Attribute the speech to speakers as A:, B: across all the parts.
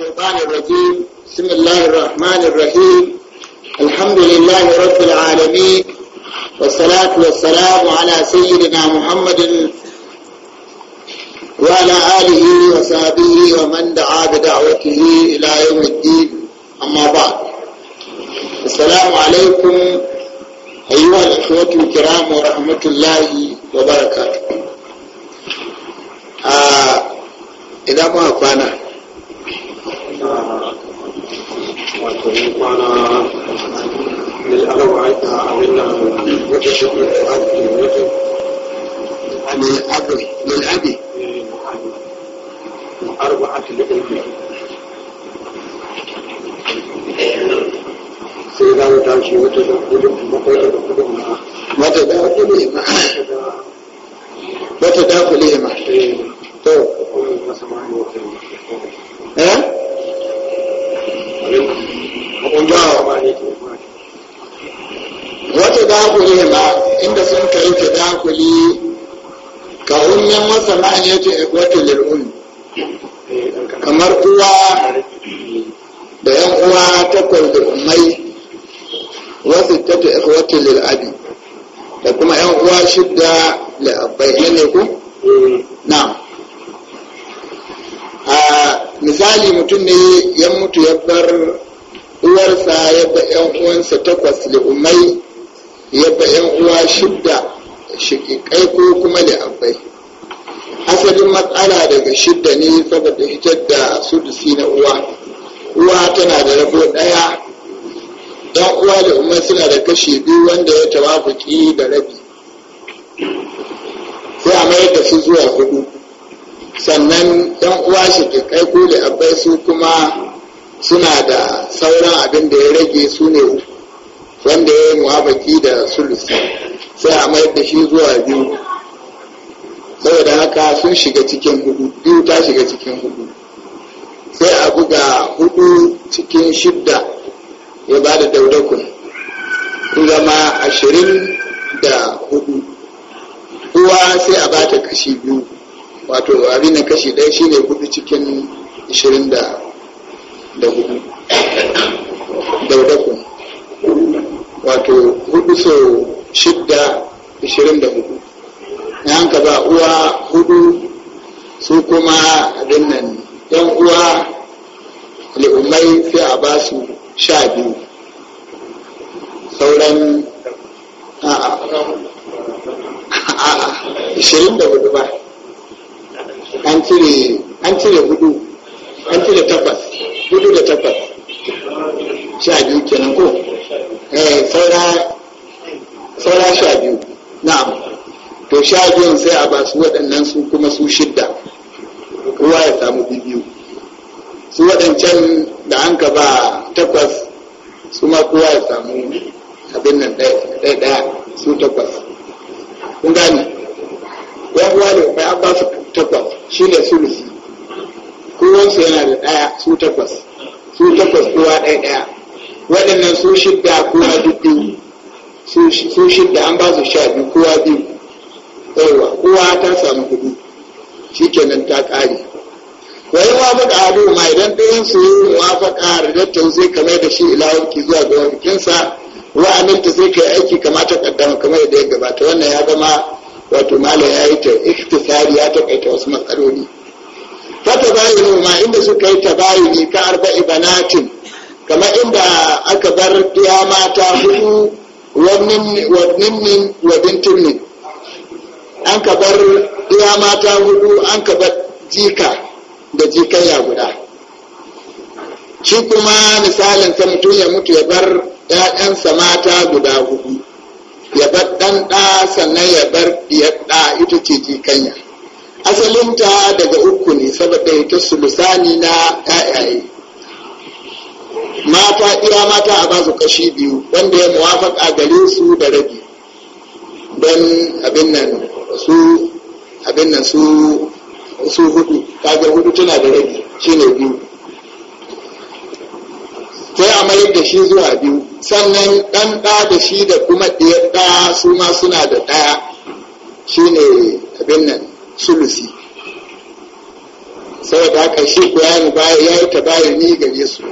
A: الشيطان الرجيم بسم الله الرحمن الرحيم الحمد لله رب العالمين والصلاة والسلام على سيدنا محمد وعلى آله وصحبه ومن دعا بدعوته إلى يوم الدين أما بعد السلام عليكم أيها الأخوة الكرام ورحمة الله وبركاته آه إذا ما كان وانا مسألة وعيتها حولنا من وجه شغل الفؤاد في الوجه عن الأب للأبي أربعة لأبي سيدا وتعشي وتدخلهم ƙungiyawa ba ne wata dakuli ba inda sun kai ta dakuli ka unyan masa ma'ani ta ikwata lil'un kamar uwa da yan uwa takwas da ummai wasu ta ta ikwata lil'abi da kuma yan uwa shidda la'abbai ne ku eh. na'am misali mutum ne ya mutu ya bar uwarsa ya ba yan uwansa takwas umai ya ba yan uwa shidda shiƙiƙai ko kuma li'abbai asalin matsala daga shidda ne saboda hitar da sudusi na uwa uwa tana da rabo ɗaya yan uwa da umar suna da kashi biyu wanda ya tawafuki da rabi sai a mayar da su zuwa hudu sannan yan uwa shi kai ko da abai su kuma suna da sauran abin da ya rage su ne wanda ya yi muhabbaki da sulusi sai a mayar da shi zuwa biyu saboda haka sun shiga cikin hudu biyu ta shiga cikin hudu sai a buga hudu cikin shidda ya ba da daudakun zama ashirin da hudu uwa sai a ba ta kashi biyu wato abin da kashi ɗaya shi ne hudu cikin ishirin da hudu Daudaku wato hudu sau shidda ishirin da hudu na hanka ba uwa hudu su kuma abin nan yan uwa li'ummai sai a ba su sha biyu sauran a'a 24 ba an cire an cire hudu an cire tabbas hudu da tabbas sha biyu kenan ko eh saura saura sha biyu na'am to sha biyun sai a ba su waɗannan su kuma su shidda kowa ya samu bibiyu su waɗancan da an ka ba takwas su ma kowa ya samu abin nan ɗaya ɗaya su takwas kun gani yan uwa ne kai an ba su takwas shi ne sulusi kowansu yana da ɗaya su takwas su takwas kowa ɗaya ɗaya waɗannan su shidda kowa duk su shidda an ba su sha biyu kowa biyu yawa kowa ta samu kuɗi kenan ta ƙare wani wafaka abu ma idan ɗayan su yi wafaka da zai kamar da shi ilawarki zuwa ga wankinsa wa'aminta zai kai aiki kamata kaddama kamar da ya gabata wannan ya zama wato malam ya yi ta iktisari ya takaita wasu matsaloli fata ne ma inda suka yi ta bayani ka arba banatin kamar inda aka bar ya mata hudu wannan bintin ne an ka bar ya mata hudu an ka bar jika da ya guda shi kuma misalin ta mutum ya mutu ya bar ‘ya'yansa mata guda hudu ya bar ɗan ɗa sannan ya bar ɗiyar ɗa ita ce jikanya asalinta daga uku ne saboda ita sulusani na ƴaƴaye mata iya mata a basu kashi biyu wanda ya muwafaka gare su da rabi don abin nan su abin nan su su hudu kaga hudu tana da rabi shine biyu ya mayar da shi zuwa biyu sannan ɗan ɗa da shi da kuma ɗiyar ɗa su ma suna da ɗaya shi ne abin nan sulusi saboda haka shi ko ya yi ta ni gare su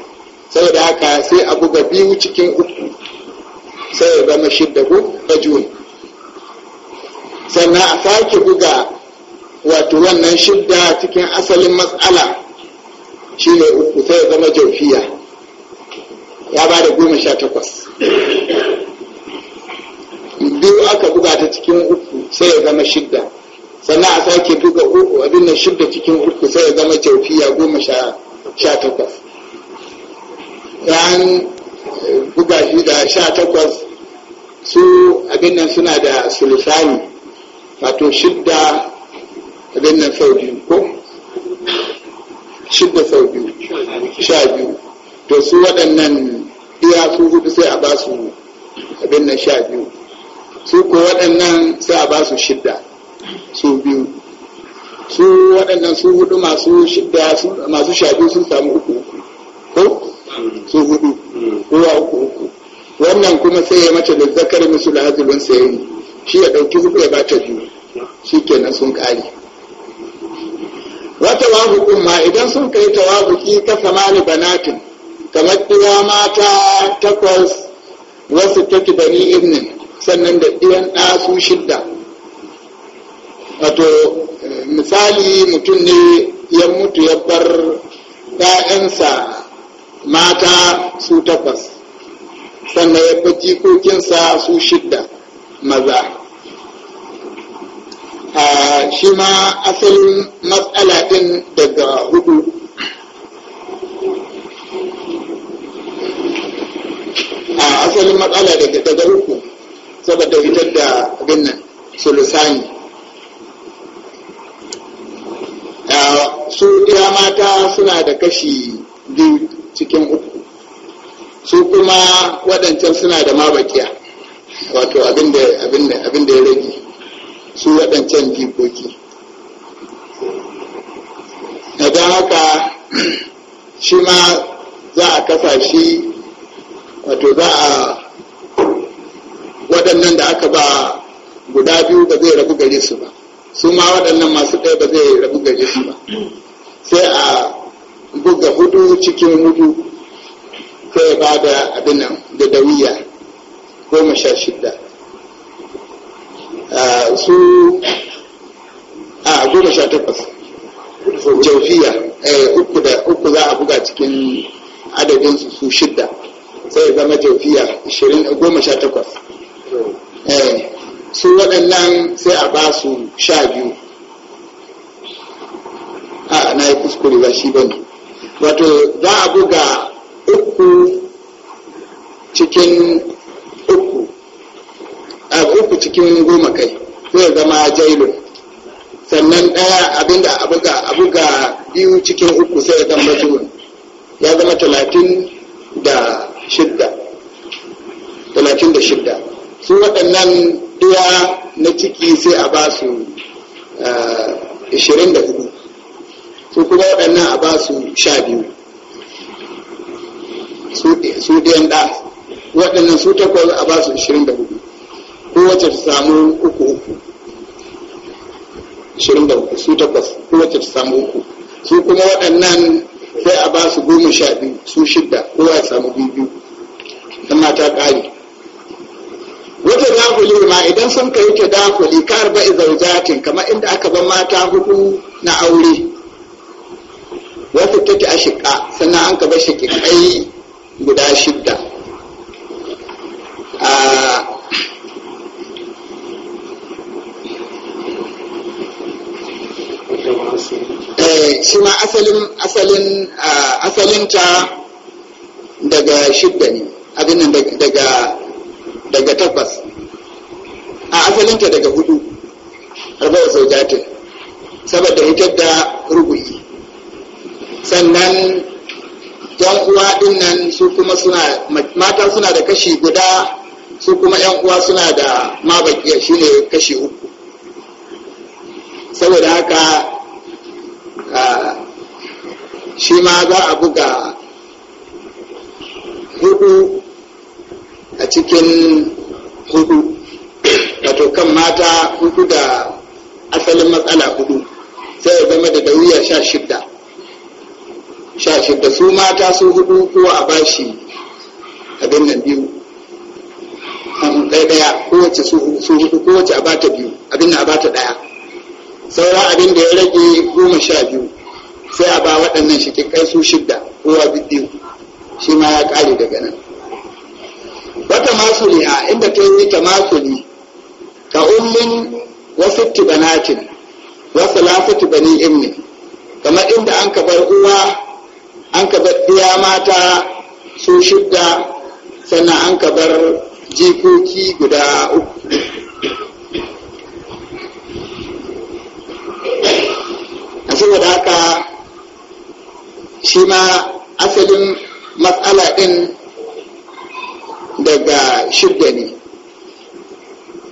A: saboda haka sai a buga biyu cikin uku sai ya zama shidda ko rajul sannan a sake buga wato wannan shidda cikin asalin matsala shi ne uku sai ya zama jaufiya ya ba da goma sha takwas biyu aka buga ta cikin uku sai ya zama shidda sannan a sake buga uku abin nan shidda cikin uku sai ya zama kyaufiya goma sha takwas yan eh, buga shi da sha takwas su abin nan suna da sulisani wato shidda abin nan sau biyu ko shidda sau biyu sha biyu to su waɗannan iya su hudu sai a ba su abin nan sha biyu su ko waɗannan sai a ba su shidda su biyu su waɗannan su hudu masu shidda masu sha biyu sun samu uku uku ko su hudu kowa uku uku wannan kuma sai ya mace da zakar musu da hazilin sayi shi ya ɗauki hudu ya bata biyu shi kenan sun ƙare wata wabukun ma idan sun kai tawabuki ta samani banatin kamar uwa mata takwas wasu take bani ibnin sannan da iyan ɗa su shidda wato misali mutum ne ya mutu ya bar ɗa'yansa mata su takwas sannan ya bar jikokinsa su shidda maza a ah, shi ma asalin matsala ɗin daga hudu a asalin matsala daga daga uku saboda fitar da abin nan sulusani su iya mata suna da kashi biyu cikin uku su kuma waɗancan suna da mabakiya wato abin da ya rage su waɗancan jikoki na don haka shi ma za a kasa wato za a waɗannan da aka ba guda biyu ba zai rabu gare su ba su ma waɗannan masu ɗaya ba zai rabu gare su ba sai a buga hudu cikin hudu sai ba da abin nan da dawiya goma sha shida su a goma sha takwas jaufiya eh, uku za a buga cikin adadinsu su shidda sai zama taufiya goma sha takwas eh, su waɗannan sai a ba su sha biyu a na yi kuskure ba shi bane wato za a buga uku cikin uku a uku cikin goma kai zai zama jailun sannan ɗaya abinda a buga a buga biyu cikin uku sai ya zama ya zama talatin da shidda su waɗannan ɗaya na ciki sai a ba su eh, ishirin da hudu su kuma waɗannan a ba su sha biyu su ɗayan ɗa waɗannan su takwas a ba su ishirin da hudu kowace ta samu uku uku ishirin da uku su takwas kowace ta samu uku su kuma waɗannan sai a ba su goma sha biyu su shidda kowa ya samu biyu biyu sannan ta ƙari na dafuli ma idan sun kai ta dafuli ka arba izaujatin kamar inda aka ban mata hudu na aure wasu take a shiƙa sannan an ka bar shiƙiƙai guda shidda eh, shi ma asalin asalin asalinta daga shidda ne abin nan daga daga tabbas a asalinta daga hudu harbar zaujatin saboda hitar da rubuyi sannan yan uwa din nan su kuma suna mata suna da kashi guda su kuma yan uwa suna da shi ne kashi uku saboda haka shi ma za a buga hudu a cikin hudu wato kan mata hudu da asalin matsala hudu sai ya zama da dawiya sha shidda sha shidda su mata su hudu kowa a bashi abin nan biyu ɗaya ɗaya kowace su hudu kowace a bata biyu abin na a bata ɗaya saura abin da ya rage goma sha biyu sai a ba waɗannan shikikai su shidda kowa biyu shi ma ya ƙare daga nan wata masuli a inda ta yi ta masuli ka ummin wasu tibanatin wasu lafatu bani imni kamar inda an ka bar uwa an ka bar ɗiya mata su shidda sannan an ka bar jikoki guda uku a saboda haka shi ma asalin matsala ɗin daga shidda ne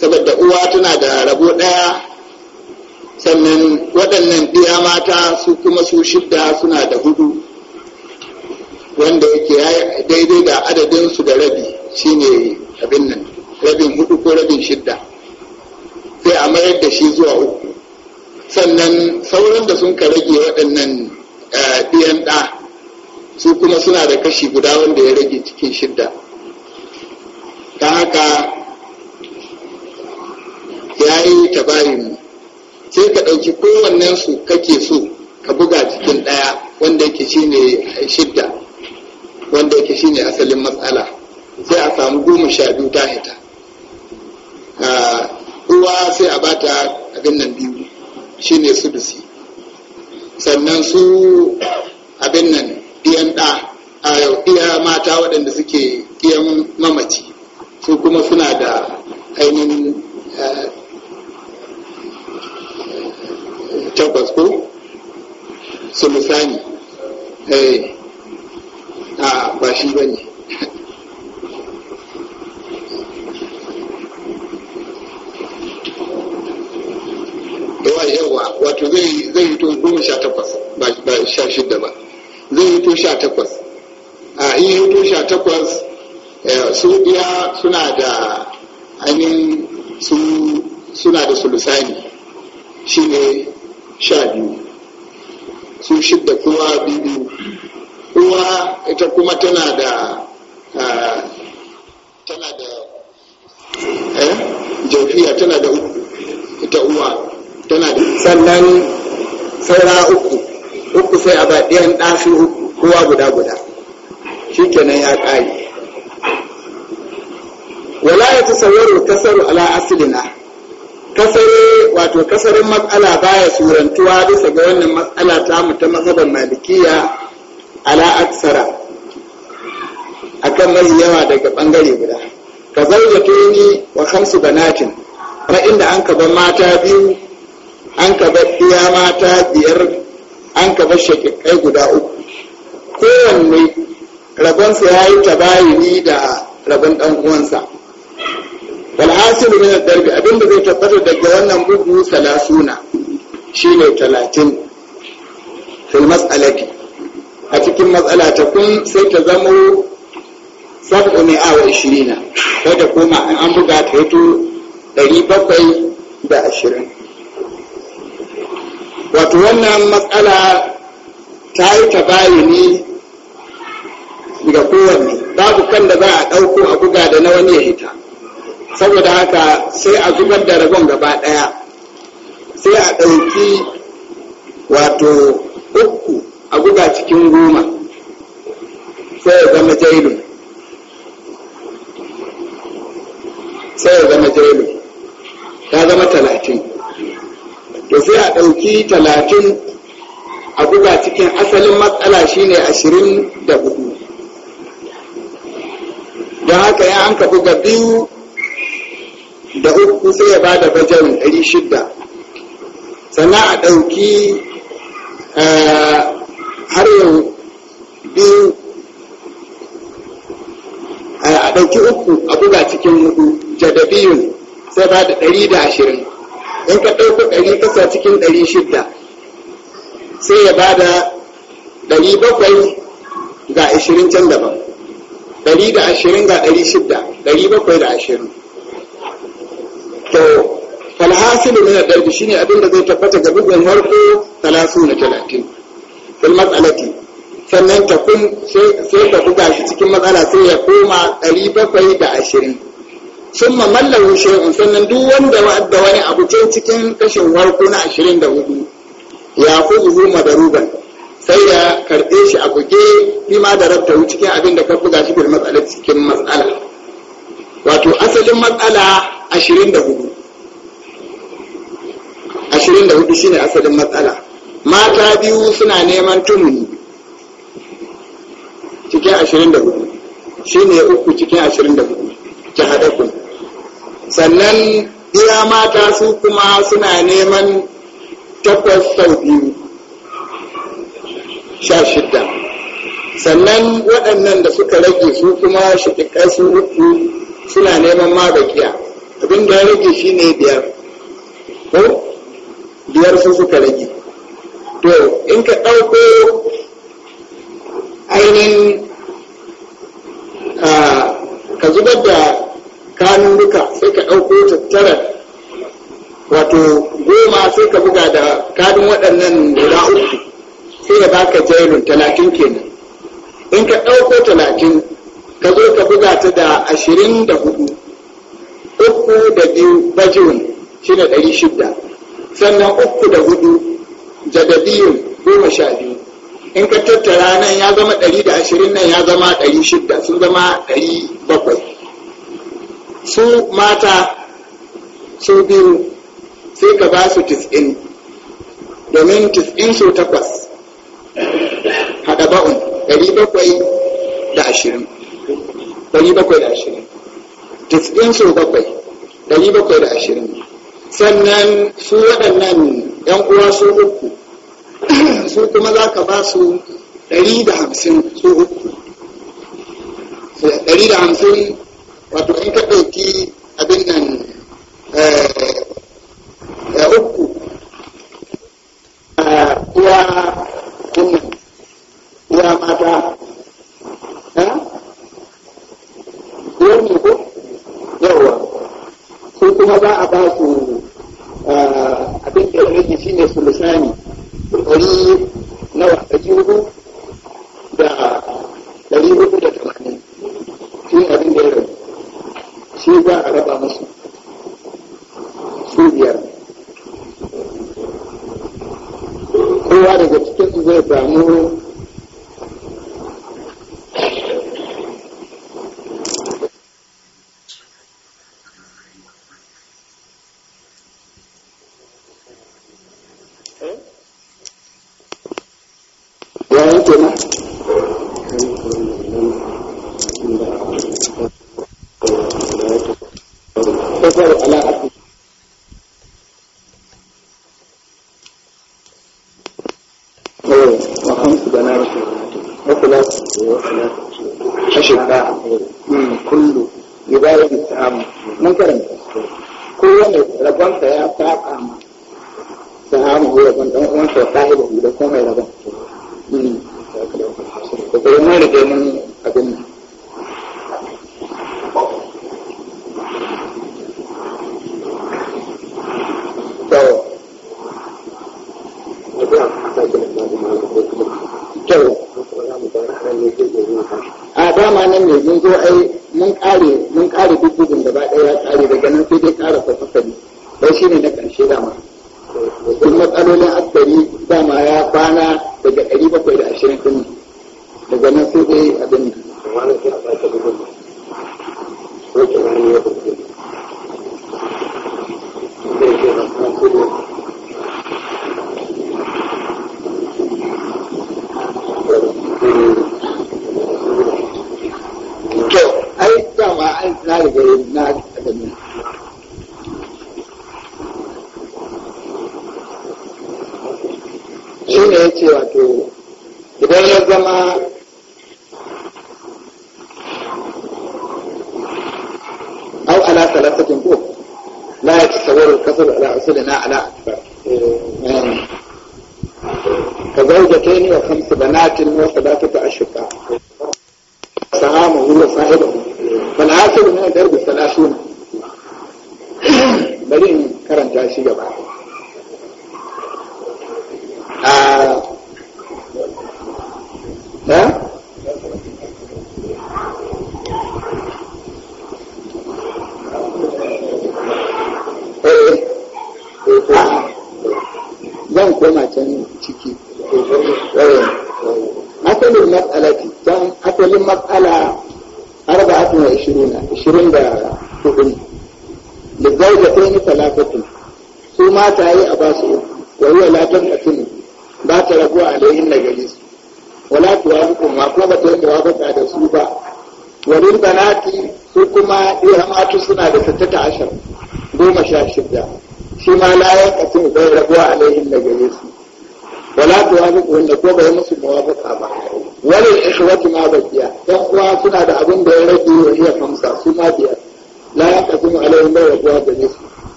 A: saboda uwa tana da rabo ɗaya sannan waɗannan biya mata su kuma su shidda suna da hudu wanda yake daidai da adadinsu da rabi shine abin nan rabin hudu ko rabin shidda sai a mayar da shi zuwa uku sannan sauran da sun ka rage waɗannan biyan eh, ɗa su kuma suna da kashi guda wanda ya rage cikin shidda ta haka ya yi tabayinu sai ka ɗauki kowannen su kake so ka buga cikin ɗaya wanda yake shine shidda wanda yake shine asalin matsala sai a samu goma sha biyu ta hita ah, Kowa sai a bata abin nan biyu shine sudusi sannan su abin nan iyan ɗa a iya mata waɗanda suke ɗiyan mamaci su kuma suna da ainihin eh, takwas ko su misali eh, a ba shi ba ne yawa wato zai yi to goma sha takwas ba sha shidda ba zai yi to sha takwas a yi to sha takwas Eh, su biya suna da ainihin suna da sulusani shi ne sha biyu su shidda kowa biyu kowa ita kuma tana da eh, tana da eh, jafiya tana da uku ita uwa tana da sannan saura uku uku sai a ba ɗayan ɗafi uku kowa guda guda shi kenan ya ƙari wala ya tasawwaru kasaru ala aslina kasare wato kasarin matsala baya surantuwa bisa ga wannan matsala ta mu ta mazhaban malikiya ala akan mai yawa daga bangare guda ka zaujatuni wa khamsu banatin fa inda an ka mata biyu an ka bar mata biyar an ka bar shakikai guda uku kowanne rabonsa ya yi tabayini da rabon ɗan uwansa wal hasilu min ad-darbi abinda zai tabbata daga wannan bugu salasuna shine 30 fil mas'alati a cikin mas'ala ta kun sai ta zamo sab'u mi'a wa na, sai da koma an buga ta yato ɗari bakwai da ashirin wato wannan mas'ala ta yi ta bayani ga kowanne babu kan da za a ɗauko a buga da na wani ya hita saboda haka sai a zubar da ragon gaba daya sai a ɗauki wato uku a buga cikin goma sai ya zama jailun sai ya zama jailun ta zama talatin to sai a ɗauki talatin a buga cikin asalin matsala shine ashirin da hudu don haka ya an ka buga biyu da uku sai ya bada bajarin ɗari shidda sannan a ɗauki eh, har yau biyu eh, a ɗauki uku a buga cikin hudu jadabiyun sai ba da ɗari da ashirin in ka ɗauko ɗari kasa cikin ɗari shidda sai ya ba da ɗari bakwai ga ashirin can daban ɗari da ashirin ga ɗari shidda ɗari bakwai da ashirin to falhasilu min ad-darb shine abin da zai tabbata ga bugun harko 30 30 fil mas'alati sannan ta kun sai ka buga shi cikin matsala sai ya koma 720 summa mallahu shay'un sannan duk wanda da wani abu cikin kashin harko na 24 ya da madaruban sai ya karɓe shi a buge bi ma da rabta cikin abin da ka buga shi bil matsala cikin matsala wato asalin matsala hudu. hudu shine asalin matsala mata biyu suna neman tunani cikin ashirin da hudu shine uku cikin ashirin da hudu 24 ku sannan iya mata su kuma suna neman takwas sau biyu sha shidda sannan waɗannan da suka rage su kuma shiƙiƙar su uku suna neman ma bakiya abin da ya rage shi ne biyar ko biyar su suka rage to in ka ɗauko ainihin ka zubar da kanun duka sai ka ɗauko tattara wato goma sai ka buga da kanun waɗannan guda uku sai ya baka jailun talatin kenan in ka ɗauko talatin ka zo ka buga ta da ashirin da hudu uku da biyu bajin shi da ɗari shida sannan uku da hudu jadadiyun goma sha biyu in ka tattara nan ya zama ɗari da ashirin nan ya zama ɗari shidda sun zama ɗari bakwai su mata su biyu sai ka ba su tis'in domin tis'in su takwas haɗa ba'un ɗari bakwai da ashirin ɗari bakwai da ashirin tis'in su bakwai ɗari bakwai da ashirin sannan su waɗannan yan uwa su uku su kuma za ka ba su ɗari da hamsin su uku ɗari da hamsin wato in ka ɗauki abin nan da eh, eh, uku eh, uwa kuma uwa mata uwa ne ko yawa su kuma za a ba su shi ne sulusani ɗari nawa ɗari hudu da ɗari hudu da tamanin shi abin da ya rabu shi za a raba musu su biyar kowa daga cikin zai samu zo ai mun kare mun kare duk gudun gaba ɗaya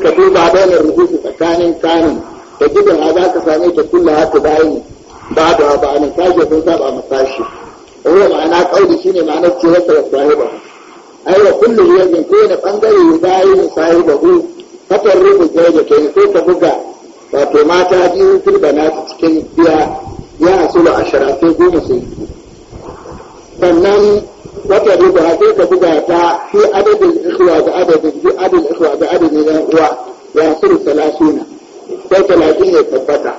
A: ka duba bainar rubutu tsakanin kanin da gidan a za ka same ta kulla haka bayan ba da ba nan sashe sun saba ma sashe ruwa ma'ana kauli shine ma'anar cewa ta da sahiba ai wa kullu yanzu ko da bangare bayan sahiba hu fatar rubu kai da kai ko ka buga wato mata biyu turbana ta cikin biya ya hasulu ashara sai goma sai sannan وتضرب هذه تضربها في عدد الإخوة بعدد في عدد الإخوة بعدد الإخوة يصل ثلاثين في ثلاثين يتبقى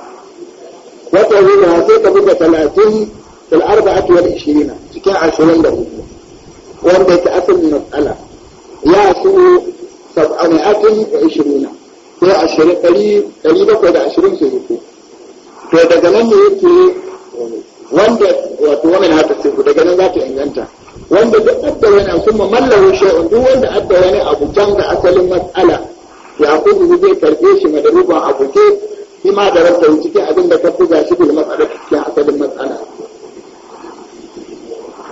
A: وتضرب هذه تضرب ثلاثين في الأربعة والعشرين تكون عشرين له وهم بيتأثر من المسألة يصل سبعمائة وعشرين في عشرين قريب قريبة في عشرين سيكون في دجلان يكي وانجت وطوامن هذا السيكون دجلان ذاتي انجنتا wanda duk adda wani kuma mallahu shay'un duk wanda adda wani abu can da asalin matsala ya kudu zai karbe shi madaruban abu ke shi ma da rabta cikin abin da ka fuga shi bil matsala cikin asalin matsala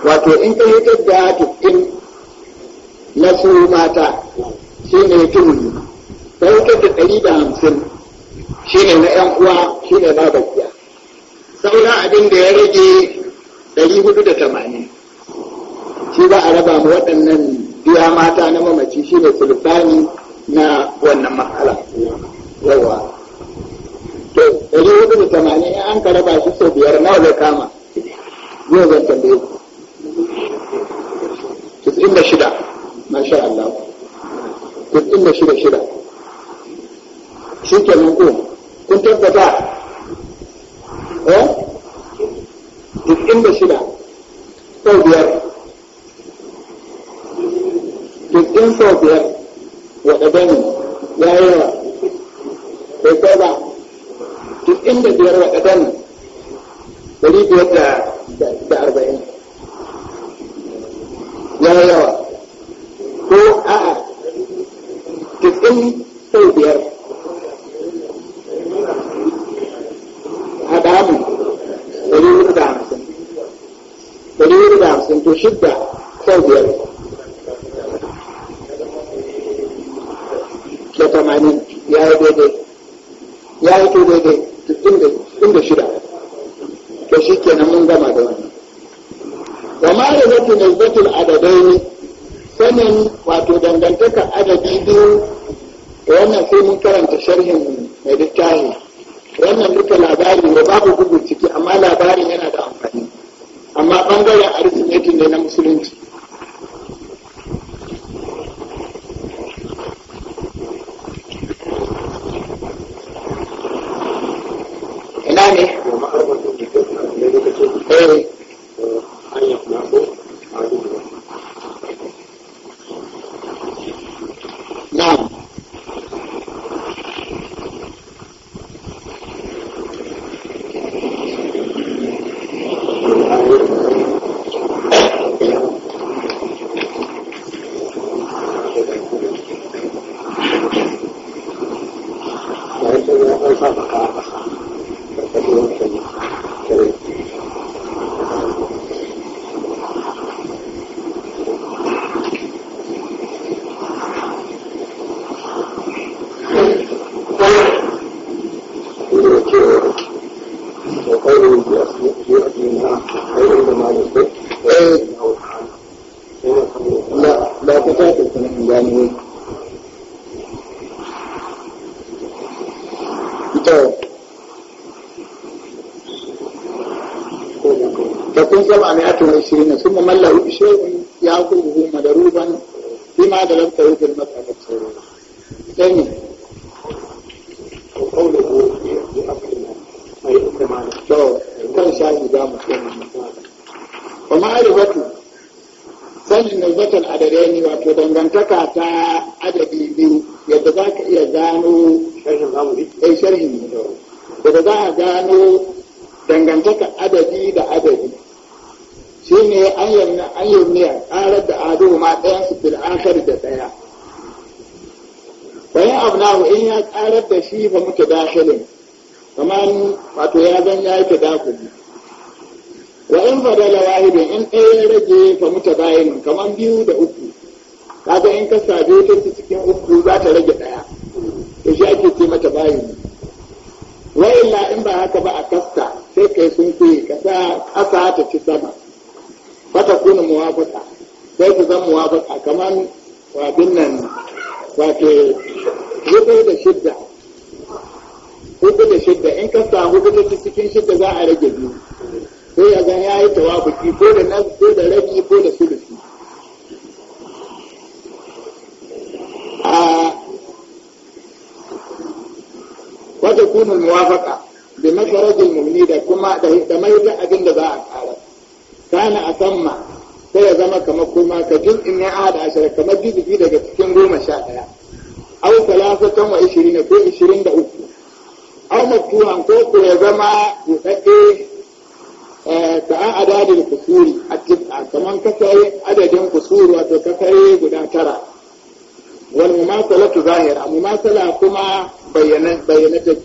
A: wato in ka yi da tukin na su mata shi ne tuni ka yi da ɗari da hamsin shi ne na yan uwa shi ne na bakiya sauran abin da ya rage ɗari hudu da tamanin su za a raba mu waɗannan biya mata na mamaci shi ne sulfani na wannan mahala yawa to ɗari hudu da tamanin ya an ka raba shi sau biyar nawa zai kama yau zan tambaye ku tis'in da shida masha Allah tis'in da shida shida shi nan ko kun tabbata eh tis'in da shida sau biyar jirgin sau biyar wadda gani ya yi wa bai kai ba jirgin da biyar wadda gani dari biyar da arba'in ya yi yawa ko a'a jirgin sau biyar haɗamu dari hudu da hamsin dari hudu da hamsin to shidda sau biyar Gracias. Pues bayar da ɗaya bayan abnahu in ya tsarar da shi fa muke dakilin kamar wato ya zan ya yi ta dakuli wa in fadala wahidin in ɗaya ya rage fa muta bayanin kamar biyu da uku kaga in ka sabe ta cikin uku za ta rage ɗaya to shi ake ce mata bayani wa illa in ba haka ba a kasta sai kai sun ka kasa ƙasa ta ci sama fata kuna muwafaka sai ta zan muwafaka kamar abin nan wato hudu da shidda hudu da shidda in ka samu hudu da cikin shidda za a rage biyu ko ya zan ya yi tawabuki ko da nas ko da rabi ko da sulusi a wata kuma muwafaka da makarajin mumni da kuma da mai abin da za a kara kana a samma sai ya zama kamar kuma ka in ya ada ashirin kamar juz'i daga cikin goma sha ɗaya aw talatatan wa ishirin ko ishirin da uku aw maktuban ko ko ya zama buɗaɗɗe ta eh, an adadin kusuri a tibta kamar kasare adadin kusuri wato yi guda tara wani mumasala mumasalatu zahira mumasala kuma bayyana take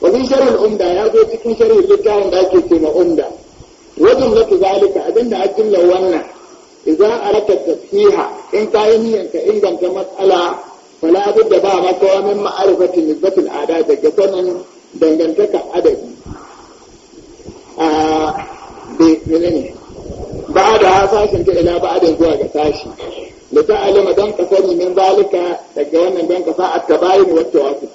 A: wani min umda ya zo cikin shirin littafin da ake ce ma umda wajen zata zalika abinda a jimlar wannan idan arata tasfiha in ka yi niyyar inganta matsala fala da ba makawa min ma'arifatin nisbatul ada daga sanin dangantaka adadi a ne ba da hasashen ta ila ba da zuwa ga sashi da ta alima don ka sani min zalika daga wannan don ka ta a tabayin wata wasu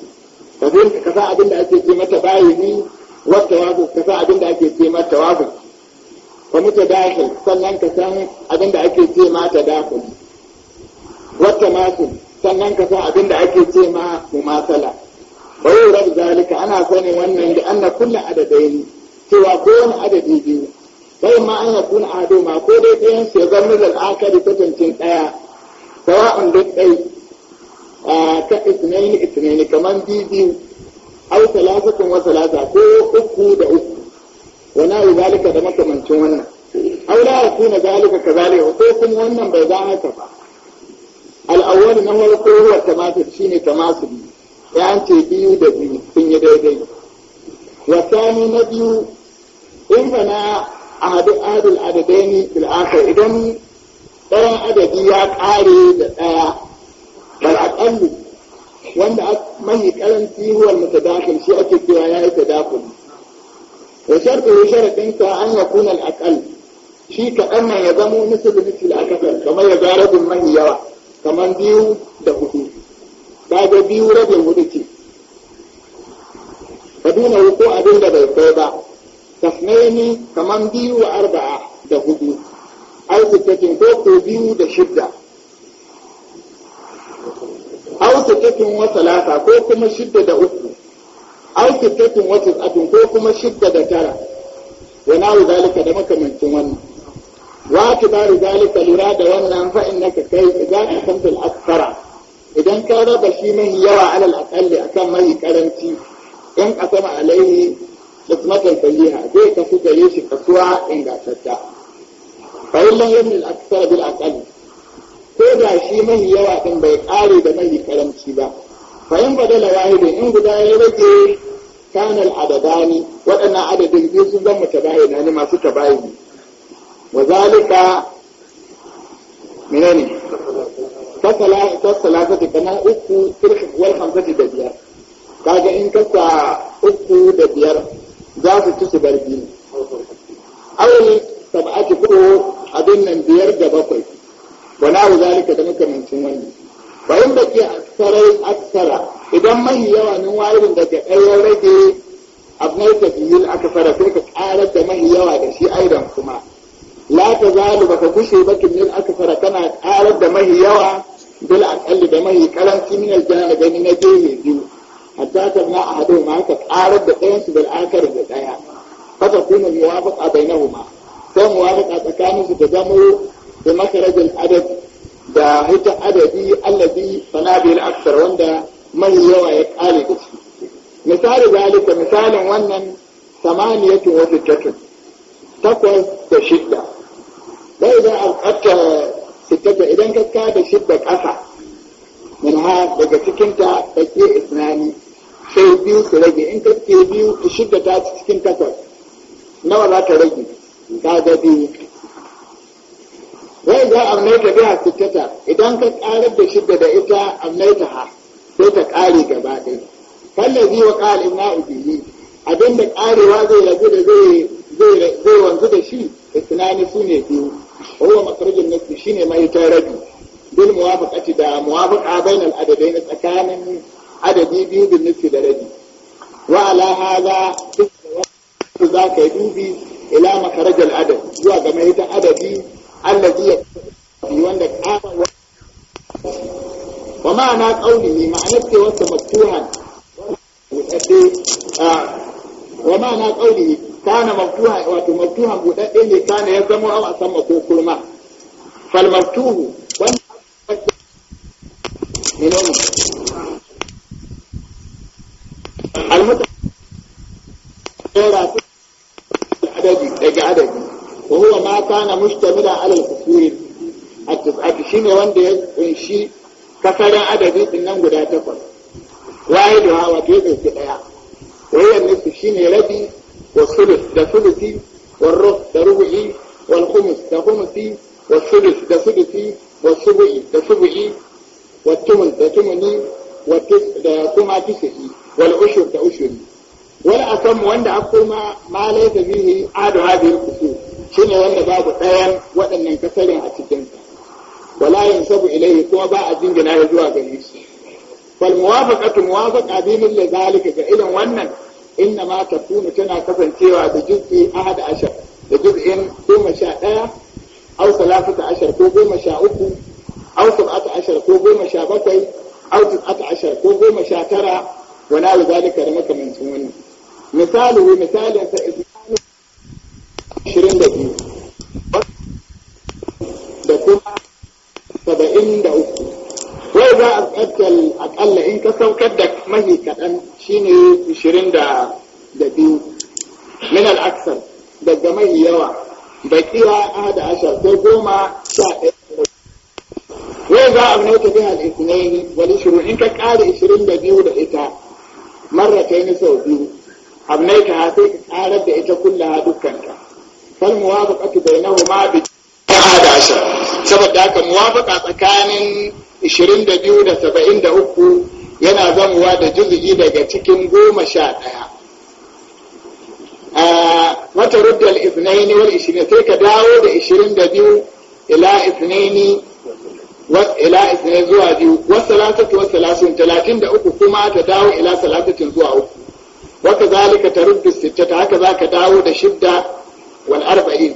A: ka sa abin da ake ce mata bayani wata wasu ka sa abin da ake ce mata wasu wa muke dakil sannan ka san abin da ake ce ma ta dakil wata masu sannan ka san abin da ake ce ma mumasala wa yau rabu zalika ana sanin wannan da an na kulla adadai ne cewa kowane adadi biyu bai ma an yakuna ado ma ko dai ɗayan su ya zama da al'akari ɗaya sawa'un duk ɗai ka isnaini isnaini kamar biyu biyu au talatatun wa talata ko uku da uku wani yi zalika da makamancin wannan aula ya kuna zalika ka ko kuma wannan bai zan haka ba al'awwal na farko huwa tamasir shine tamasir ya an ce biyu da biyu sun yi daidai wa sani na biyu in fana ahadu ahadul adadaini fil akhir idan ɗayan adadi ya ƙare da ɗaya bal aqallu wanda mai karanci huwa mutadakil shi ake cewa yayi tadakul wa sharɗin sharaɗin sa an ya kuna al'akal shi kaɗan nan ya zamo misali a akasar kamar ya ga rabin mai yawa kamar biyu da hudu ba ga biyu rabin hudu ce ka duna ko bai kai ba tasmaini kamar biyu wa arba'a da hudu au sittatin ko biyu da shidda ko kuma shidda da uku auki tatin wata tsafin ko kuma shidda da tara wa nawu zalika da makamancin wannan wa ki zalika lura da wannan fa innaka kai idan ka kanta al idan ka raba shi mai yawa alal aqalli akan mai karanci in qasama alaihi qismatan sayyiha zai kasu gare shi kasuwa ingantacca fa illan yamni al-aksara bil aqalli ko da shi mai yawa din bai kare da mai karanci ba fayin badala wahidin in guda ya rage kanal adadani waɗannan adadin biyu sun zama tabayina ne masu tabayini wa zalika menene ta salasati kana uku wal hamsati da biyar kaga in kasa uku da biyar za su ci su bar biyu awal sab'ati ko abin nan biyar da bakwai wala zalika da makamancin wannan ba in baki aksarai aksara idan mahi yawa nan wa'irin daga ɗaya rage abnai ta biyun aka fara sai ka ƙarar da mahi yawa da shi aidan kuma la ta zalu baka gushe ba min aka fara kana ƙarar da mahi yawa bil aqalli da mahi karanci min aljana gani na gehe biyu hatta ta na ahadu ma ka ƙarar da ɗayan su bil da ɗaya fata kuma na bainahuma sai muwafaqa tsakanin su ta zamo da makarajin adadi da muta adadi allazi sanabil aksar wanda mai yawa ya kare da shi misali zalika misalin wannan samaniyatu wa sittatun takwas da shidda dai da alqatta sittata idan ka ka da shidda kasa min ha daga cikin ta take isnani sai biyu su rage in ka ke biyu shidda ta cikin takwas nawa za ta rage ka ga biyu wai za a mai biya sittata idan ka karar da shidda da ita amnaita ha sai ta kare gaba ɗaya fallazi wa na inna Abin da karewa zai rabu da zai zai zai wanzu da shi isnani sune biyu huwa makarjin nasu shine mai tarabi bil muwafaqati da muwafaqa bainal adadain tsakanin adadi biyu bin nufi da rabi wa ala duk da za ka yi dubi ila makarajal adad zuwa ga mai ta adadi allazi ya wanda kama wa ma'ana qaulihi ma'ana ce wata maktuhan wa ma'ana qaulihi kana maktuha wato maktuhan budadde ne kana ya zama a asamma ko kurma fal maktuhu kana mustamila alal kusuri a tis'ati shine wanda ya kunshi kasarin adadi din nan guda takwas wahidu ha wato ya ɗauki ɗaya wayan nufi shine rabi wa sulus da sulusi wa ruf da rubu'i wal khumus da khumusi wa sulus da sulusi wa subu'i da subu'i wa tumun da tumuni da kuma tisi'i wal ushur da wanda akuma ma shine wanda babu ɗayan waɗannan kasarin a cikinsa wala yansabu ilaihi kuma ba a jingina ya zuwa gare shi fal muwafaqatu muwafaqa dinin li zalika ga irin wannan inna ma takunu tana kasancewa da juz'i ahad ashar da juz'in goma sha ɗaya aw salasata ashar ko goma sha uku aw sab'ata ashar ko goma sha bakwai aw tis'ata ashar ko goma sha tara wa na zalika da makamancin wannan misalu misalin sa 20 83 wai za a tsakiyar akalla in ka saukar da mahi kaɗan shine biyu, min al'aksar daga mahi yawa bakiya ahad ashar sai goma sha ɗaya wai za a nauta biha al-ithnaini wani shiru in ka ƙara 22 da biyu da ita ni sau biyu abnaita ha sai ka ƙarar da ita kullaha dukkanta fal muwafaqatu bainahuma bi ahad ashar saboda haka muwafaka tsakanin 22 da 73 yana zamuwa da juzugi daga cikin goma sha ɗaya wata ruddal isnaini wal ishirin sai ka dawo da 22 ila isnaini ila isnaini zuwa biyu wasu salatatu wasu salasun talatin da uku kuma ta dawo ila salatatin zuwa uku waka zalika ta ruddu sittata haka za ka dawo da shidda wal arba'in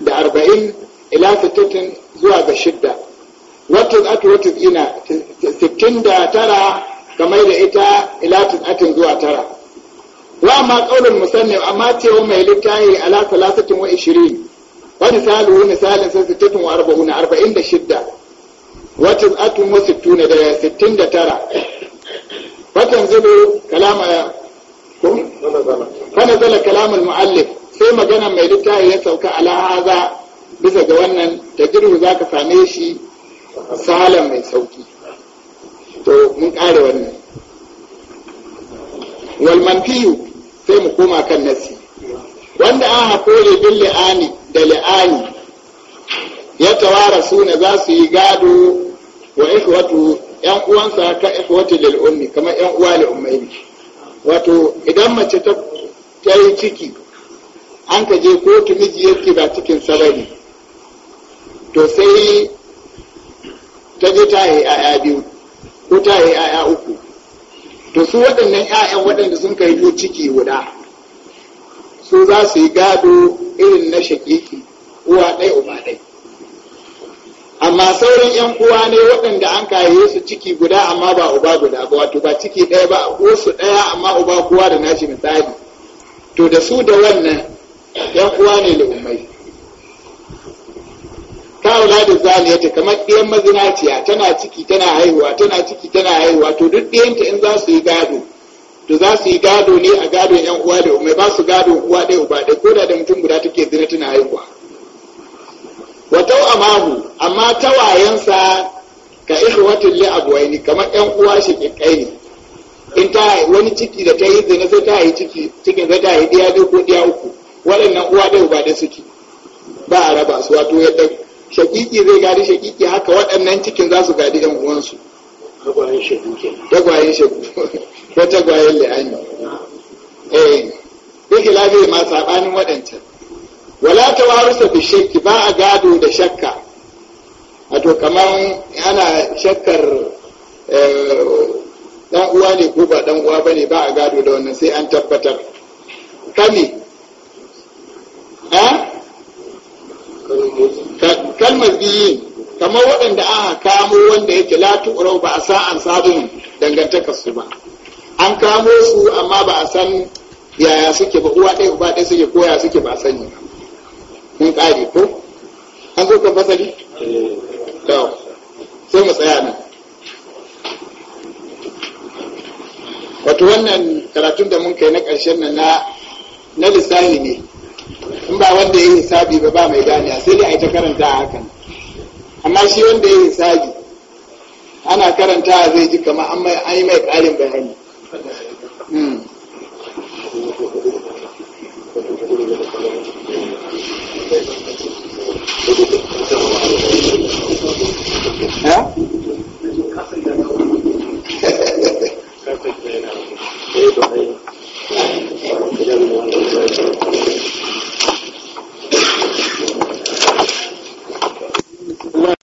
A: da arba'in ila sittatin zuwa ga shidda watan atu watan ina sittin da tara kamar da ita ila atin zuwa tara wa ma qaulul musannif amma cewa mai litayi ala salasatin wa ishirin wa misalu misalin sai sittatin wa arba'una arba'in da shidda watan atun wa sittuna da sittin da tara watan zubu kalama kun kana zala kalamul muallif sai magana mai litayi ya sauka ala haza bisa ga wannan ta jirgu za ka same shi salam mai sauki to mun kare wannan walmantiyu sai mu koma kan nasi wanda an haƙore bin li'ani da li'ani ya tawara suna za su yi gado wa wato yan uwansa ka ikhwatu wato ummi kamar yan uwa lil wato idan mace ta yi ciki an ka je kotu miji yake ba cikin sabari to sai ta je ta yi ‘ya'ya biyu ko ta yi ‘ya'ya uku to su waɗannan ‘ya'yan waɗanda sun kai to ciki guda su za su yi gado irin na shaƙiƙi uwa ɗai uba ɗai amma sauran ‘yan uwa ne waɗanda an kaye su ciki guda amma ba uba guda ba wato ba ciki ɗaya ba ko su ɗaya amma uba kowa da nashi misali to da su da wannan ‘yan uwa ne da umai ka auladin zaniyata kamar ɗiyan mazinaciya tana ciki tana haihuwa tana ciki tana haihuwa to duk ɗiyanta in za su yi gado to za su yi gado ne a gadon yan uwa da umar ba su gado uwa ɗaya uba ɗaya ko da mutum guda take zina tana haihuwa wata mahu, amma tawayensa ka ihwatin li ne kamar yan uwa shi kikkai ne in ta wani ciki da ta yi zina sai ta yi ciki cikin sai ta yi ɗiya biyu ko ɗiya uku waɗannan uwa ɗaya uba da suke ba a raba su wato yadda shakiki zai gadi shakiki haka waɗannan cikin za su gari ɗan uwansu tagwayen shaidu ko tagwayen li'ani eh yake lafiya ma saɓanin waɗancan wala ta warusa bi shakki ba a gado da shakka wato kamar ana shakkar eh, ɗan uwa ne ko ba ɗan uwa ne, ba a gado da wannan sai an tabbatar kami eh mazdiyin kamar waɗanda aka kamo wanda yake latu urau ba a sa'an sabon dangantaka su ba an kamo su amma ba a san yaya suke ba uwa ɗaya uba ɗaya suke koya suke ba a sani ba mun ƙare ko an zo ka fasali to sai mu tsaya nan wato wannan karatun da mun kai na ƙarshen nan na lissahi ne in ba wanda ya yi hisabi ba ba mai gane sai dai a ta karanta a hakan amma shi wanda ya hisabi ana karanta zai ji kamar an mai an yi mai ƙarin bayani you. Hmm.